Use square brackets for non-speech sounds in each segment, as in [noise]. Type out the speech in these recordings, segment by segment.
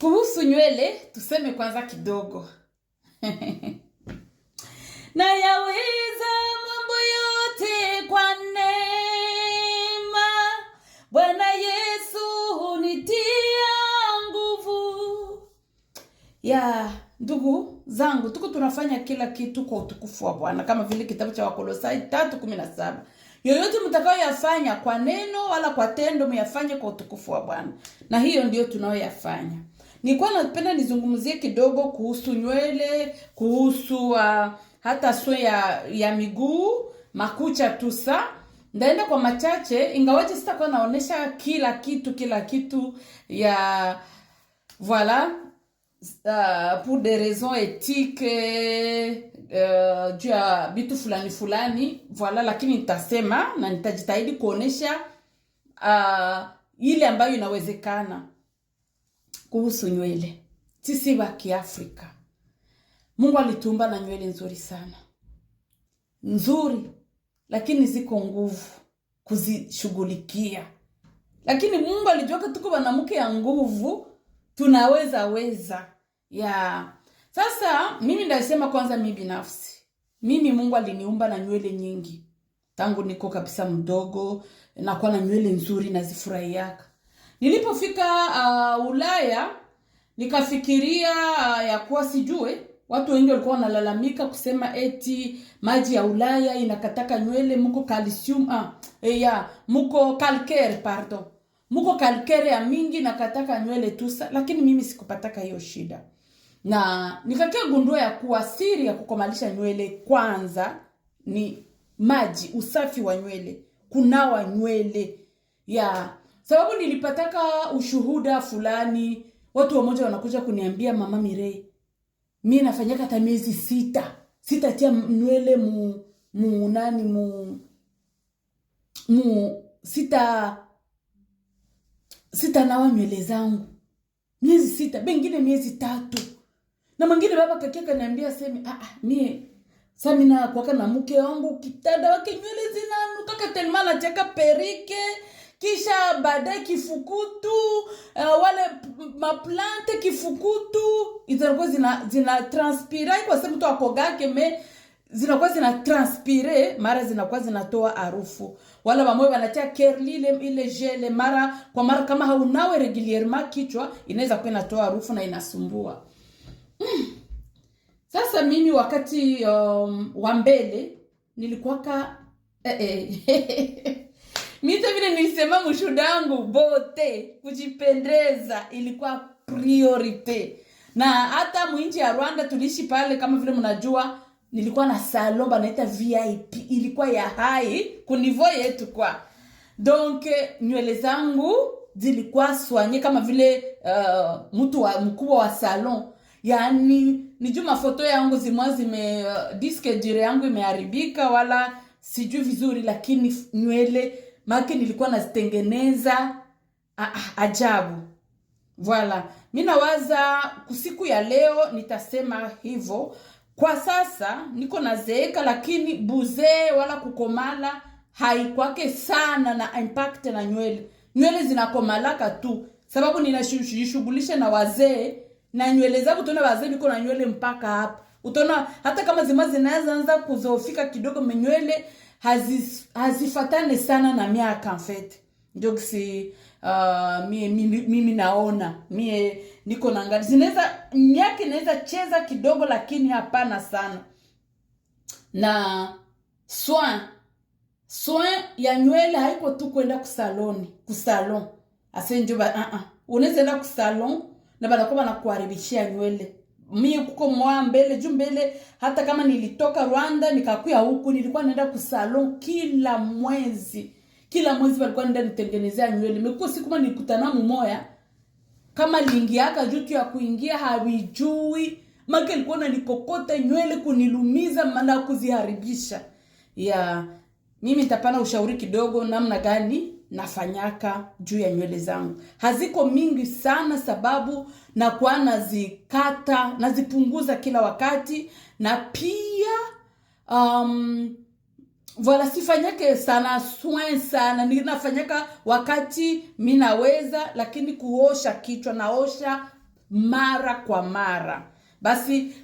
Kuhusu nywele tuseme kwanza kidogo. [laughs] Na yaweza mambo yote kwa neema. Bwana Yesu hunitia nguvu. Ya ndugu zangu, tuko tunafanya kila kitu kwa utukufu wa Bwana kama vile kitabu cha Wakolosai 3:17. Yoyote mtakayoyafanya kwa neno wala kwa tendo, myafanye kwa utukufu wa Bwana, na hiyo ndiyo tunayoyafanya nikuwa napenda nizungumzie kidogo kuhusu nywele, kuhusu uh, hata swe ya, ya miguu, makucha tusa ndaenda kwa machache, ingawaje sitakuwa naonesha kila kitu kila kitu ya voila uh, pour des raisons ethiques uh, eh, juu ya vitu fulani fulani voila, lakini nitasema na nitajitahidi kuonesha uh, ile ambayo inawezekana kuhusu nywele. Sisi wa Kiafrika, Mungu alituumba na nywele nzuri sana, nzuri lakini ziko nguvu kuzishughulikia, lakini Mungu alijuaka tuko wanamke ya nguvu, tunaweza weza ya Sasa mimi ndasema kwanza, mimi binafsi, mimi Mungu aliniumba na nywele nyingi tangu niko kabisa mdogo, nakuwa na nywele nzuri nazifurahiaka Nilipofika uh, Ulaya nikafikiria uh, ya kuwa sijue watu wengi walikuwa wanalalamika kusema eti maji ya Ulaya inakataka nywele, mko calcium ah, eh, ya mko calcare pardon, mko calcare ya mingi nakataka nywele tusa, lakini mimi sikupataka hiyo shida, na nikakia gundua ya kuwa siri ya kukomalisha nywele kwanza ni maji, usafi wa nywele, kunawa nywele ya sababu nilipataka ushuhuda fulani. Watu wamoja wanakuja kuniambia mama mirei mi nafanyaka hata miezi sita sitatia nywele mu, mu nani mu, mu sita sita nawa nywele zangu miezi sita, bengine miezi tatu, na mwingine baba kakia kaniambia semi ah, ah, mie samina kwaka na mke wangu kitanda wake nywele zinanuka katelma perike kisha baadaye kifukutu uh, wale maplante kifukutu zinakuwa zina zina transpira kwa sababu mtu akogake me zinakuwa zina transpire mara zinakuwa zinatoa harufu wala wamoyo wanatia kerlile ile jele mara kwa mara kama haunawe regulierement kichwa inaweza kuwa inatoa harufu na inasumbua mm. Sasa mimi wakati um, wa mbele nilikuwaka eh, eh. [laughs] yani nisema mshuda wangu bote kujipendeza ilikuwa priority na hata mwinji ya Rwanda tuliishi pale, kama vile mnajua, nilikuwa na salomba naita VIP, ilikuwa ya hai kunivo yetu kwa donc nywele zangu zilikuwa swanye kama vile uh, mtu wa mkubwa wa salon yani ni mafoto yangu zimwa zime uh, diske jire yangu imeharibika wala sijui vizuri, lakini nywele maana nilikuwa nazitengeneza ajabu. Voila, mimi nawaza siku ya leo nitasema hivyo. Kwa sasa niko nazeeka, lakini buzee wala kukomala haikwake sana na impact na nywele. Nywele zinakomalaka tu, sababu ninashughulisha na wazee na nywele zangu. tuna wazee niko na nywele mpaka hapa, utaona hata kama zima zinaanza kuzofika kidogo menywele hazis, hazifatane sana na miaka en fait uh, mie, mimi, naona mie niko naangalia zinaweza miaka inaweza cheza kidogo, lakini hapana sana. Na soin soin ya nywele haiko tu kwenda kusaloni kusalon asenjo ba uh -uh. unaweza enda kusalon na banakuwa banakuharibishia nywele mie kuko moya mbele juu mbele, hata kama nilitoka Rwanda nikakuya huku, nilikuwa naenda kusalon kila mwezi, kila mwezi walikuwa naenda nitengenezea nywele. Imekuwa siku kama nikutana mumoya kama liingiaka juu ya kuingia hawijui make alikuwa nanikokota nywele kunilumiza na kuziharibisha. Ya mimi nitapana ushauri kidogo namna gani nafanyaka juu ya nywele zangu. Haziko mingi sana, sababu nakuwa nazikata nazipunguza kila wakati, na pia um, voila, sifanyake sana swen sana, ninafanyaka wakati minaweza, lakini kuosha kichwa naosha mara kwa mara. Basi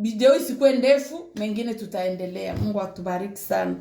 video isikuwe ndefu, mengine tutaendelea. Mungu atubariki sana.